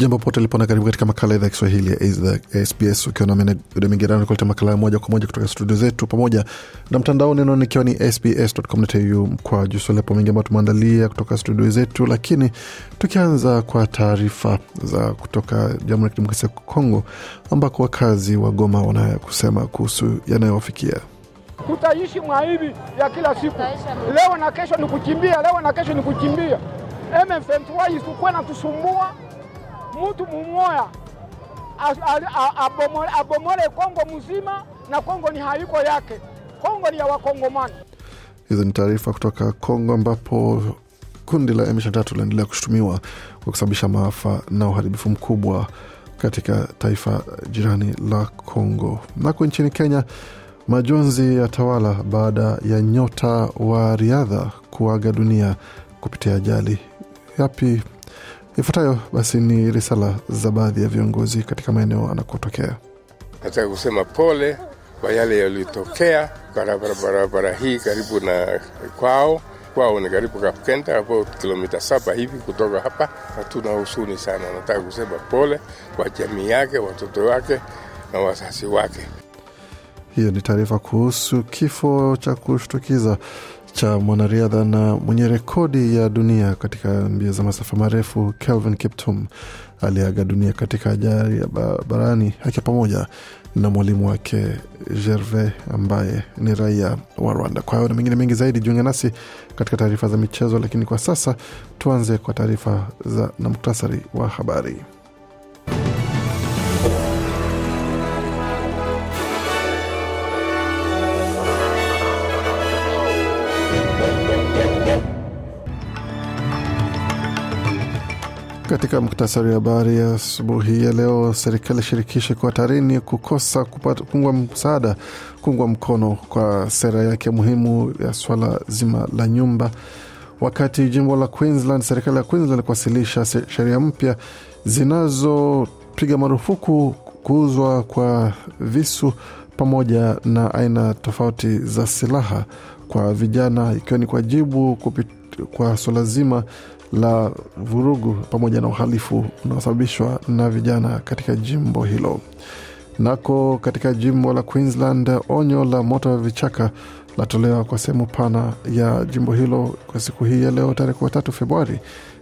Jambo pote lipona, karibu katika makala idhaa ya Kiswahili ya SBS ukiwa na migerano kuleta makala moja kwa moja kutoka studio zetu pamoja na mtandao neno nikiwa ni sbs.com.au kwa juswalepo mengi ambayo tumeandalia kutoka studio zetu, lakini tukianza kwa taarifa za kutoka Jamhuri ya Kidemokrasia ya Kongo ambako wakazi wa Goma wanaya kusema kuhusu yanayowafikia Tutaishi mwaibi ya kila siku, leo na kesho ni kukimbia, leo na kesho ni kukimbia. M23 na tusumbua mutu mumoya abomole Kongo mzima, na Kongo ni haiko yake, Kongo ni ya Wakongomani. Hizo ni taarifa kutoka Kongo ambapo kundi la M23 linaendelea kushutumiwa kwa kusababisha maafa na uharibifu mkubwa katika taifa jirani la Kongo. Nako nchini Kenya, majonzi ya tawala baada ya nyota wa riadha kuaga dunia kupitia ajali. Yapi Ifuatayo basi ni risala za baadhi ya viongozi katika maeneo anakotokea. Nataka kusema pole kwa yale yaliyotokea barabara barabara hii karibu na kwao kwao ni karibu Kapkenda, hapo kilomita saba hivi kutoka hapa. Hatuna husuni sana, nataka kusema pole kwa jamii yake, watoto wake na wazazi wake. Hiyo ni taarifa kuhusu kifo cha kushtukiza cha mwanariadha na mwenye rekodi ya dunia katika mbio za masafa marefu Kelvin Kiptum aliaga dunia katika ajali ya barabarani akiwa pamoja na mwalimu wake gerve ambaye ni raia wa Rwanda. Kwa hayo na mengine mengi zaidi, jiunge nasi katika taarifa za michezo, lakini kwa sasa tuanze kwa taarifa na muktasari wa habari. Katika muktasari wa habari ya asubuhi ya leo, serikali shirikishi kwa hatarini kukosa kuungwa msaada kuungwa mkono kwa sera yake muhimu ya swala zima la nyumba. Wakati jimbo la Queensland, serikali ya Queensland kuwasilisha sheria mpya zinazopiga marufuku kuuzwa kwa visu pamoja na aina tofauti za silaha kwa vijana, ikiwa ni kwa jibu kwa swala zima la vurugu pamoja na uhalifu unaosababishwa na vijana katika jimbo hilo. Nako katika jimbo la Queensland, onyo la moto wa vichaka latolewa kwa sehemu pana ya jimbo hilo kwa siku hii ya leo tarehe kumi tatu Februari,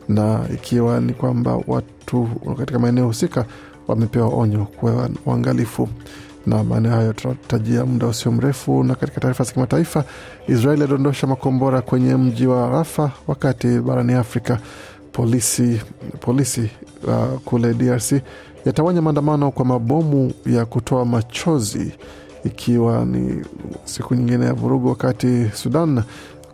na ikiwa ni kwamba watu katika maeneo husika wamepewa onyo kuwa waangalifu. Na maeneo hayo tunatajia muda usio mrefu. Na katika taarifa za kimataifa, Israeli adondosha makombora kwenye mji wa Rafa, wakati barani Afrika polisi, polisi uh, kule DRC yatawanya maandamano kwa mabomu ya kutoa machozi, ikiwa ni siku nyingine ya vurugu, wakati Sudan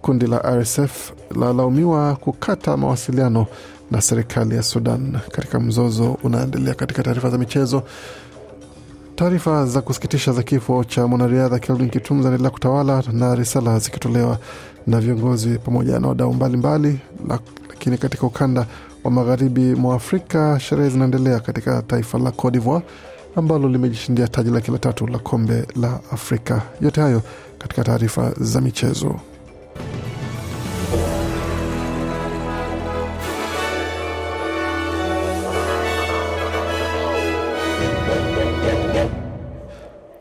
kundi la RSF lalaumiwa kukata mawasiliano na serikali ya Sudan katika mzozo unaendelea. Katika taarifa za michezo, Taarifa za kusikitisha za kifo cha mwanariadha Kelvin Kitum zinaendelea kutawala na risala zikitolewa na viongozi pamoja na wadau mbalimbali, lakini katika ukanda wa magharibi mwa Afrika sherehe zinaendelea katika taifa la Cote d'Ivoire ambalo limejishindia taji lake la tatu la kombe la Afrika. Yote hayo katika taarifa za michezo.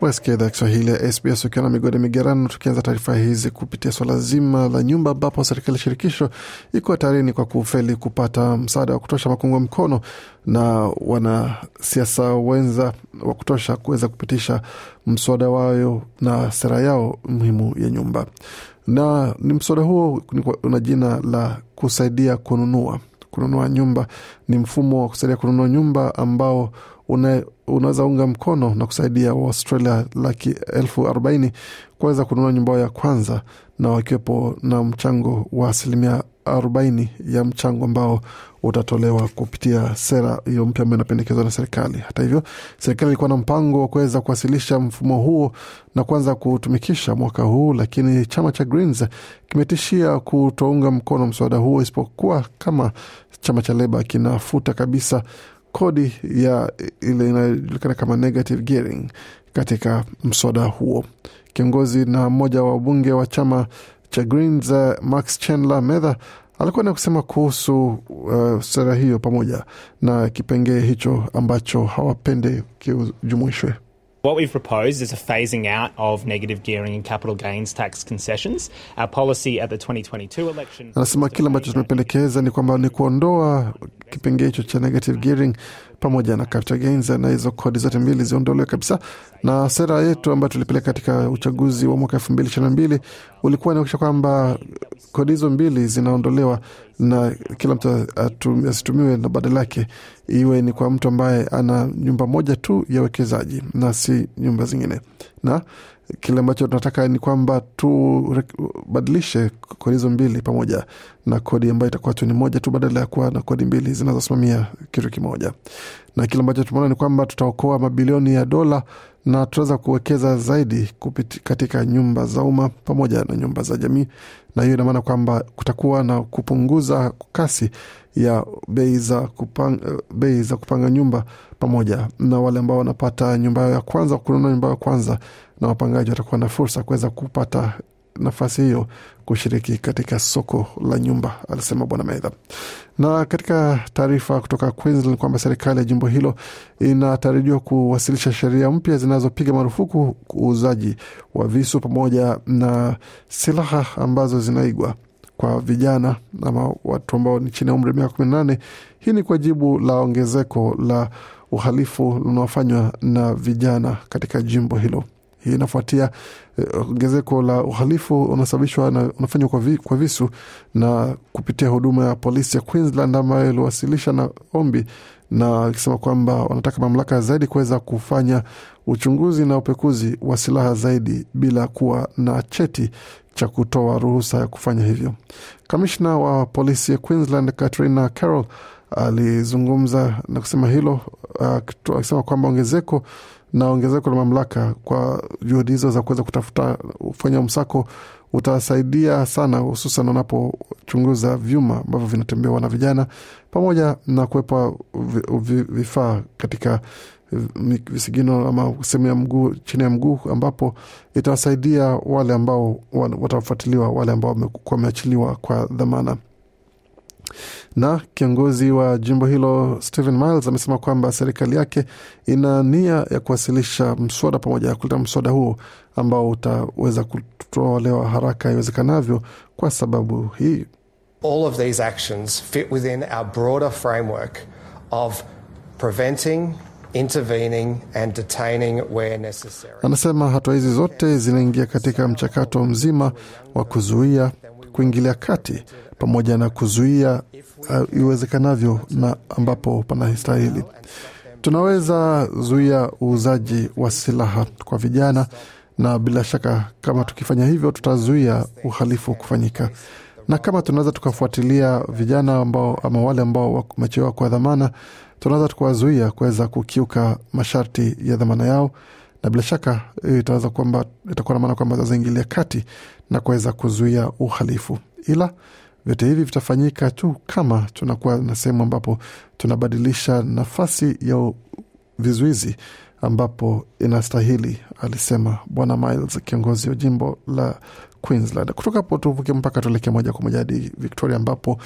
Wasikia idhaa Kiswahili ya SBS ukiwa na migode migerano, tukianza taarifa hizi kupitia swala zima la nyumba, ambapo serikali shirikisho iko hatarini kwa kufeli kupata msaada wa kutosha makungwa mkono na wanasiasa wenza wa kutosha kuweza kupitisha mswada wayo na sera yao muhimu ya nyumba, na ni mswada huo una jina la kusaidia kununua kununua nyumba. Ni mfumo wa kusaidia kununua nyumba ambao una, unaweza unga mkono na kusaidia Waustralia laki elfu arobaini kuweza kununua nyumba yao ya kwanza na wakiwepo na mchango wa asilimia arobaini ya mchango ambao utatolewa kupitia sera hiyo mpya ambayo inapendekezwa na serikali. Hata hivyo, serikali ilikuwa na mpango wa kuweza kuwasilisha mfumo huo na kuanza kutumikisha mwaka huu, lakini chama cha Greens kimetishia kutounga mkono mswada huo isipokuwa kama chama cha Leba kinafuta kabisa kodi ya ile inayojulikana kama negative gearing katika mswada huo. Kiongozi na mmoja wa wabunge wa chama cha Greens, eh, Max Chandler Mather alikuwa na kusema kuhusu uh, sera hiyo pamoja na kipengee hicho ambacho hawapende kijumuishwe. What we've proposed is a phasing out of negative gearing and capital gains tax concessions. Our policy at the 2022 election. Anasema kile ambacho tumependekeza ni kwamba ni kuondoa kipengee hicho cha negative gearing pamoja na capital gains na hizo kodi zote mbili ziondolewe kabisa. Na sera yetu ambayo tulipeleka katika uchaguzi wa mwaka elfu mbili ishirini na ulikuwa inaonyesha kwamba kodi hizo mbili zinaondolewa na kila mtu asitumiwe na badala yake iwe ni kwa mtu ambaye ana nyumba moja tu ya wekezaji na si nyumba zingine, na kile ambacho tunataka ni kwamba tubadilishe kodi hizo mbili pamoja na kodi ambayo itakuwa tu ni moja tu badala ya kuwa na kodi mbili zinazosimamia kitu kimoja. Na kile ambacho tumeona ni kwamba tutaokoa mabilioni ya dola na tunaweza kuwekeza zaidi kupiti katika nyumba za umma pamoja na nyumba za jamii, na hiyo inamaana kwamba kutakuwa na kupunguza kasi ya bei za kupanga, bei za kupanga nyumba pamoja na wale ambao wanapata nyumba yao ya kwanza, kununua nyumba yao ya kwanza, na wapangaji watakuwa na fursa kuweza kupata nafasi hiyo kushiriki katika soko la nyumba, alisema Bwana Medha. Na katika taarifa kutoka Queensland kwamba serikali ya jimbo hilo inatarajiwa kuwasilisha sheria mpya zinazopiga marufuku uuzaji wa visu pamoja na silaha ambazo zinaigwa kwa vijana ama watu ambao ni chini ya umri miaka kumi na nane. Hii ni kwa jibu la ongezeko la uhalifu unaofanywa na vijana katika jimbo hilo. Hii inafuatia eh, ongezeko la uhalifu unasababishwa na unafanywa kwa, vi, kwa visu na kupitia huduma ya polisi ya Queensland ambayo iliwasilisha na ombi na ikisema kwamba wanataka mamlaka zaidi kuweza kufanya uchunguzi na upekuzi wa silaha zaidi bila kuwa na cheti cha kutoa ruhusa ya kufanya hivyo. Kamishna wa polisi ya Queensland Katrina Carroll alizungumza na kusema hilo uh, akisema uh, kwamba ongezeko na ongezeko la mamlaka kwa juhudi hizo za kuweza kutafuta ufanya msako utasaidia sana, hususan wanapochunguza vyuma ambavyo vinatembewa na vijana pamoja na kuwepa vifaa katika visigino ama sehemu ya mguu, chini ya mguu, ambapo itawasaidia wale ambao watafuatiliwa, wale ambao wamekuwa wameachiliwa kwa dhamana. Na kiongozi wa jimbo hilo stehen Miles amesema kwamba serikali yake ina nia ya kuwasilisha mswada pamoja ya kuleta mswada huo ambao utaweza kutolewa haraka iwezekanavyo kwa sababu hii All of these actions fit within our broader framework of preventing and where necessary. Anasema hatua hizi zote zinaingia katika mchakato mzima wa kuzuia, kuingilia kati pamoja na kuzuia uh, iwezekanavyo na ambapo panastahili. Tunaweza zuia uuzaji wa silaha kwa vijana, na bila shaka kama tukifanya hivyo tutazuia uhalifu kufanyika na kama tunaweza tukafuatilia vijana ambao ama wale ambao wamechewa kwa dhamana tunaweza tukawazuia kuweza kukiuka masharti ya dhamana yao, na bila shaka e, itaweza kwamba itakuwa na maana kwamba zazaingilia kati na kuweza kuzuia uhalifu, ila vyote hivi vitafanyika tu kama tunakuwa na sehemu ambapo tunabadilisha nafasi ya vizuizi ambapo inastahili, alisema Bwana Miles, kiongozi wa jimbo la Queensland. Kutoka hapo tuvuke mpaka tuelekee moja kwa moja hadi Victoria ambapo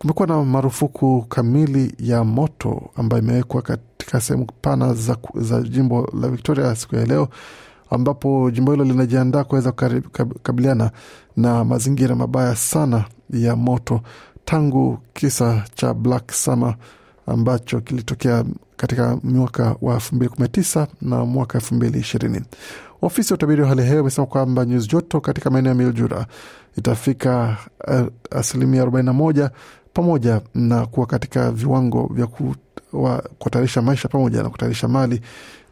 Kumekuwa na marufuku kamili ya moto ambayo imewekwa katika sehemu pana za, za jimbo la Victoria siku ya leo, ambapo jimbo hilo linajiandaa kuweza kukabiliana na mazingira mabaya sana ya moto tangu kisa cha Black Summer ambacho kilitokea katika mwaka wa kumi na mwaka ishirini. Ofisi ya utabiri wa hali ya hewa imesema kwamba nyuzi joto katika maeneo ya Mildura itafika uh, asilimia 41 pamoja na kuwa katika viwango vya kutayarisha maisha pamoja na kutayarisha mali,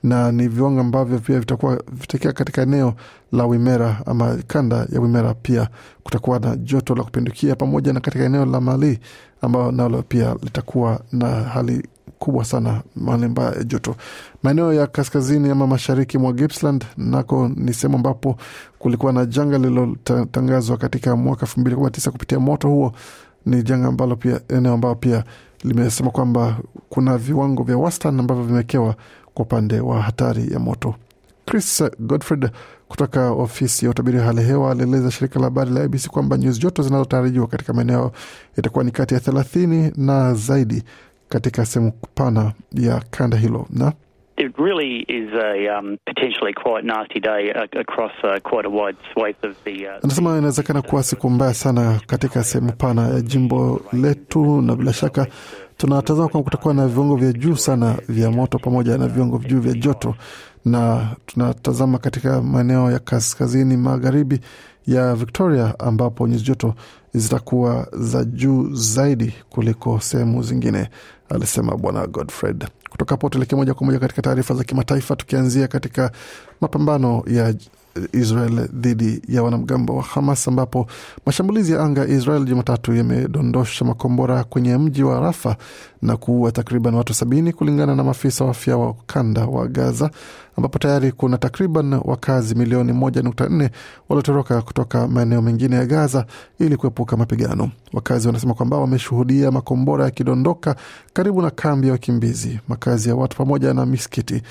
na ni viwango ambavyo pia vitakuwa vitakia katika eneo la Wimera ama kanda ya Wimera. Pia kutakuwa na joto la kupindukia pamoja na katika eneo la Mali ambayo nalo pia litakuwa na hali kubwa sana, mali mbaya ya joto. Maeneo ya kaskazini ama mashariki mwa Gippsland nako ni sehemu ambapo kulikuwa na janga lililotangazwa katika mwaka elfu mbili kumi na tisa kupitia moto huo ni janga ambalo pia eneo ambao pia limesema kwamba kuna viwango vya wastan ambavyo vimewekewa kwa upande wa hatari ya moto. Chris Godfred kutoka ofisi ya utabiri wa hali hewa alieleza shirika la habari la ABC kwamba nyuzi joto zinazotarajiwa katika maeneo itakuwa ni kati ya thelathini na zaidi katika sehemu pana ya kanda hilo na it really is a um, potentially quite nasty day uh, across uh, quite a wide swath of the. Uh, anasema inawezekana kuwa siku mbaya sana katika sehemu pana ya jimbo letu, na bila shaka tunatazama kwamba kutakuwa na viwango vya juu sana vya moto pamoja na viwango vya juu vya joto, na tunatazama katika maeneo ya kaskazini magharibi ya Victoria ambapo nyuzi joto zitakuwa za juu zaidi kuliko sehemu zingine, alisema Bwana Godfred. Kutoka hapo tuelekee moja kwa moja katika taarifa za kimataifa, tukianzia katika mapambano ya Eh, Israel dhidi ya wanamgambo wa Hamas, ambapo mashambulizi ya anga ya Israel Jumatatu yamedondosha makombora kwenye mji wa Rafa na kuua takriban watu sabini kulingana na maafisa wa afya wa ukanda wa Gaza, ambapo tayari kuna takriban wakazi milioni moja nukta nne waliotoroka kutoka maeneo mengine ya Gaza ili kuepuka mapigano. Wakazi wanasema kwamba wameshuhudia makombora yakidondoka karibu na kambi ya wakimbizi, makazi ya watu pamoja na misikiti.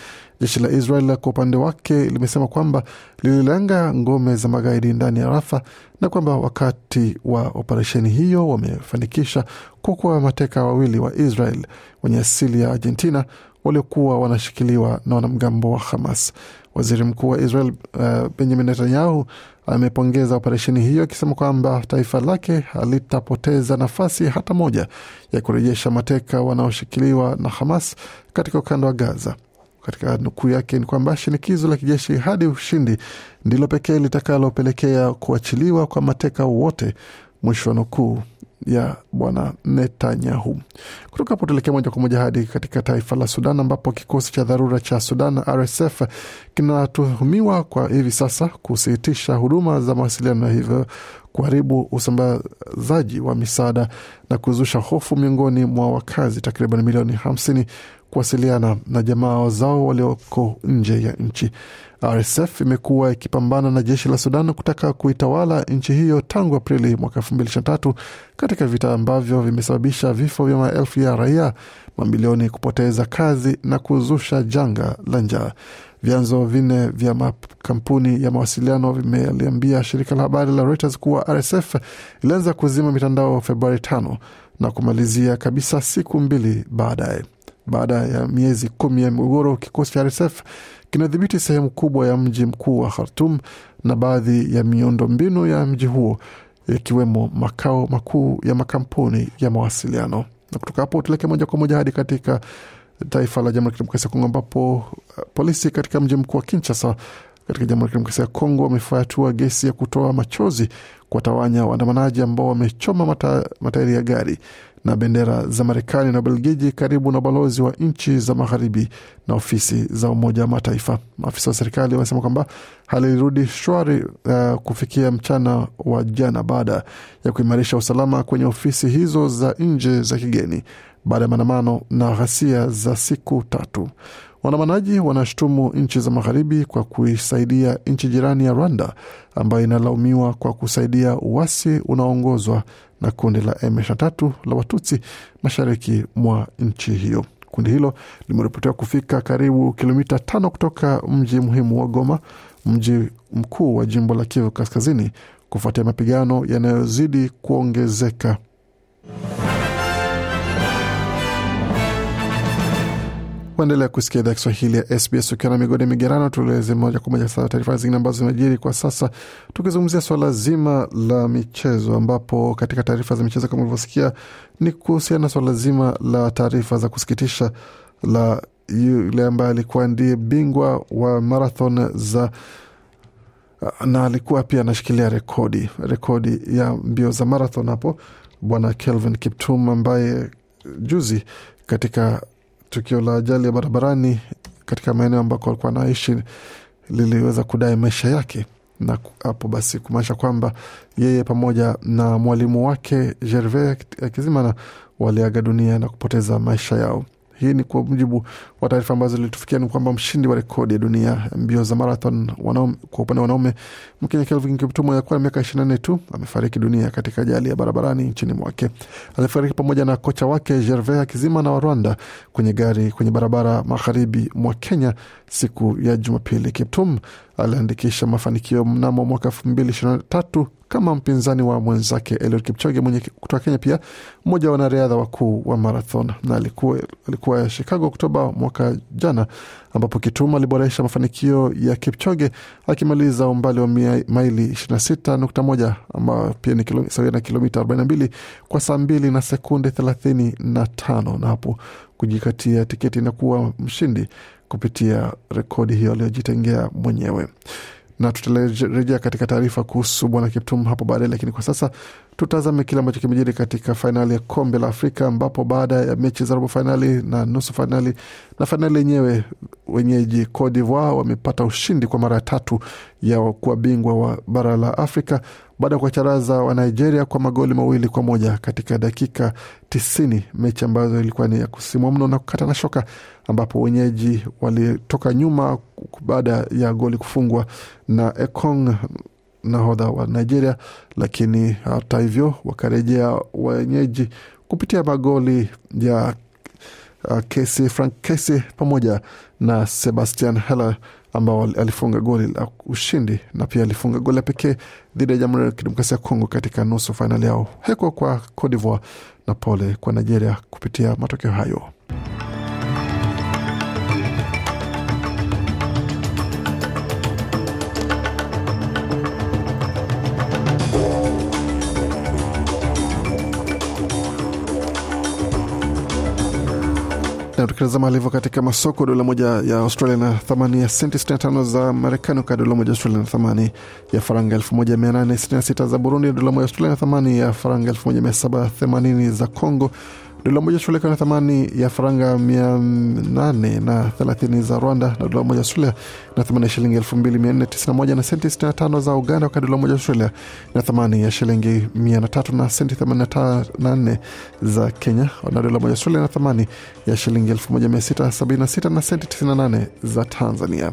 Jeshi la Israel kwa upande wake limesema kwamba lililenga ngome za magaidi ndani ya Rafa na kwamba wakati wa operesheni hiyo wamefanikisha kuokoa mateka wawili wa Israel wenye asili ya Argentina waliokuwa wanashikiliwa na wanamgambo wa Hamas. Waziri mkuu wa Israel uh, Benjamin Netanyahu amepongeza operesheni hiyo akisema kwamba taifa lake halitapoteza nafasi hata moja ya kurejesha mateka wanaoshikiliwa na Hamas katika ukanda wa Gaza katika nukuu yake ni kwamba shinikizo la kijeshi hadi ushindi ndilo pekee litakalopelekea kuachiliwa kwa mateka wote, mwisho wa nukuu ya bwana Netanyahu. Kutoka hapo tuelekea moja kwa moja hadi katika taifa la Sudan, ambapo kikosi cha dharura cha Sudan RSF kinatuhumiwa kwa hivi sasa kusitisha huduma za mawasiliano na hivyo kuharibu usambazaji wa misaada na kuzusha hofu miongoni mwa wakazi takriban milioni hamsini kuwasiliana na jamaa zao walioko nje ya nchi. RSF imekuwa ikipambana na jeshi la Sudan kutaka kuitawala nchi hiyo tangu Aprili mwaka tatu katika vita ambavyo vimesababisha vifo vya maelfu ya raia, mamilioni kupoteza kazi na kuzusha janga la njaa. Vyanzo vinne vya makampuni ya mawasiliano vimeliambia shirika la habari la Reuters kuwa RSF ilianza kuzima mitandao Februari tano na kumalizia kabisa siku mbili baadaye baada ya miezi kumi ya migogoro, kikosi cha RSF kinadhibiti sehemu kubwa ya mji mkuu wa Khartum na baadhi ya miundombinu ya mji huo ikiwemo makao makuu ya makampuni ya mawasiliano. Na kutoka hapo tuleke moja kwa moja hadi katika taifa la Jamhuri ya Kidemokrasia ya Kongo, ambapo uh, polisi katika mji mkuu wa Kinshasa katika Jamhuri ya Kidemokrasia ya Kongo wamefyatua gesi ya kutoa machozi kuwatawanya waandamanaji ambao wamechoma matairi ya gari na bendera za Marekani na Ubelgiji karibu na ubalozi wa nchi za magharibi na ofisi za Umoja wa Mataifa. Maafisa wa serikali wanasema kwamba hali ilirudi shwari uh, kufikia mchana wa jana baada ya kuimarisha usalama kwenye ofisi hizo za nje za kigeni baada ya maandamano na ghasia za siku tatu. Waandamanaji wanashutumu nchi za magharibi kwa kuisaidia nchi jirani ya Rwanda ambayo inalaumiwa kwa kusaidia uasi unaoongozwa na kundi la M23 la Watutsi mashariki mwa nchi hiyo. Kundi hilo limeripotiwa kufika karibu kilomita tano kutoka mji muhimu wa Goma, mji mkuu wa jimbo la Kivu Kaskazini, kufuatia mapigano yanayozidi kuongezeka. Waendelea kusikia idhaa Kiswahili ya SBS ukiwa na migodi migerano. Tueleze moja kwa moja sasa taarifa zingine ambazo zimejiri kwa sasa, tukizungumzia swala zima la michezo, ambapo katika taarifa za michezo kama ulivyosikia ni kuhusiana na swala zima la taarifa za kusikitisha la yule ambaye alikuwa ndiye bingwa wa marathon za na alikuwa pia anashikilia rekodi rekodi ya mbio za marathon hapo, Bwana Kelvin Kiptum ambaye juzi katika Tukio la ajali ya barabarani katika maeneo ambako alikuwa anaishi liliweza kudai maisha yake, na hapo basi kumaanisha kwamba yeye pamoja na mwalimu wake Gervais Akizimana waliaga dunia na kupoteza maisha yao. Hii ni kwa mujibu wa taarifa ambazo zilitufikia, ni kwamba mshindi wa rekodi ya dunia mbio za marathon wanaume, kwa upande wa wanaume Mkenya Kelvin Kiptum aliyekuwa na miaka 24 tu amefariki dunia katika ajali ya barabarani nchini mwake. Alifariki pamoja na kocha wake Gervais akizima na wa Rwanda kwenye gari kwenye barabara magharibi mwa Kenya siku ya Jumapili. Kiptum aliandikisha mafanikio mnamo mwaka tatu kama mpinzani wa mwenzake Eliud Kipchoge mwenye kutoka Kenya, pia mmoja wa wanariadha wakuu wa marathon, na alikuwa, ya Chicago Oktoba mwaka jana, ambapo kituma aliboresha mafanikio ya Kipchoge akimaliza umbali wa maili 26.1 ambayo pia ni sawia na kilomita 42 kwa saa 2 na sekunde 35, na hapo kujikatia tiketi na kuwa mshindi kupitia rekodi hiyo aliyojitengea mwenyewe na tutarejea katika taarifa kuhusu bwana Kiptum hapo baadaye, lakini kwa sasa tutazame kile ambacho kimejiri katika fainali ya kombe la Afrika, ambapo baada ya mechi za robo fainali na nusu fainali na fainali yenyewe, wenyeji Cote d'Ivoire wamepata ushindi kwa mara ya tatu ya kuwa bingwa wa bara la Afrika baada ya kuwacharaza wa Nigeria kwa magoli mawili kwa moja katika dakika tisini, mechi ambazo ilikuwa ni ya kusimua mno na kukata na shoka, ambapo wenyeji walitoka nyuma baada ya goli kufungwa na Ekong nahodha wa Nigeria, lakini hata hivyo wakarejea wenyeji kupitia magoli ya Kese, Frank Kese pamoja na Sebastian Heller ambao alifunga goli la ushindi na pia alifunga goli la pekee dhidi ya Jamhuri ya Kidemokrasia ya Kongo katika nusu fainali yao. Heko kwa Cote d'Ivoire na pole kwa Nigeria kupitia matokeo hayo. Tukitazama alivyo katika masoko, dola moja ya Australia na thamani ya senti 65 za Marekani, wakati dola moja ya Australia na thamani ya faranga 1866 za Burundi, dola moja ya Australia na thamani ya faranga 1780 za Congo, dola moja shule ikiwa na thamani ya faranga mia nane na thelathini za Rwanda, na dola moja shule na thamani ya shilingi elfu mbili mia nne tisini na moja na senti sitini na tano za Uganda, wakati dola moja shule na thamani ya shilingi mia na tatu na senti themanini na nne za Kenya, na dola moja shule na thamani ya shilingi elfu moja mia sita sabini na sita na senti tisini na nane za Tanzania.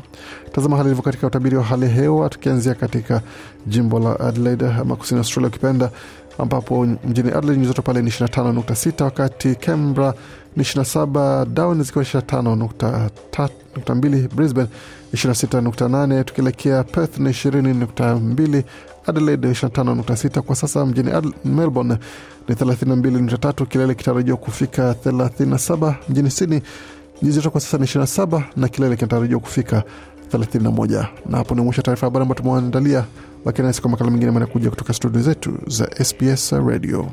Tazama hali ilivyo katika utabiri wa hali ya hewa, tukianzia katika jimbo la Adelaide ama kusini Australia ukipenda ambapo mjini Adelaide joto pale ni 25.6, wakati Canberra ni 27, Darwin zikiwa 25.2, Brisbane 26.8, tukielekea Perth ni 20.2, Adelaide 25.6. Kwa sasa mjini Adelaide, Melbourne ni 32.3, kilele kitarajiwa kufika 37. Mjini Sydney nyuzi joto kwa sasa ni 27 na kilele kinatarajiwa kufika 31. Na hapo ni mwisho taarifa habari ambayo tumeandalia lakini nasi kwa makala mengine manakuja kutoka studio zetu za SBS Radio.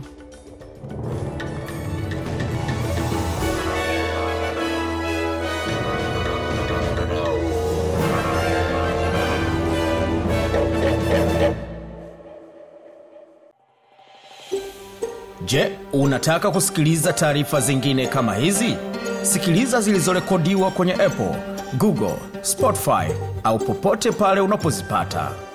Je, unataka kusikiliza taarifa zingine kama hizi? Sikiliza zilizorekodiwa kwenye Apple, Google, Spotify au popote pale unapozipata.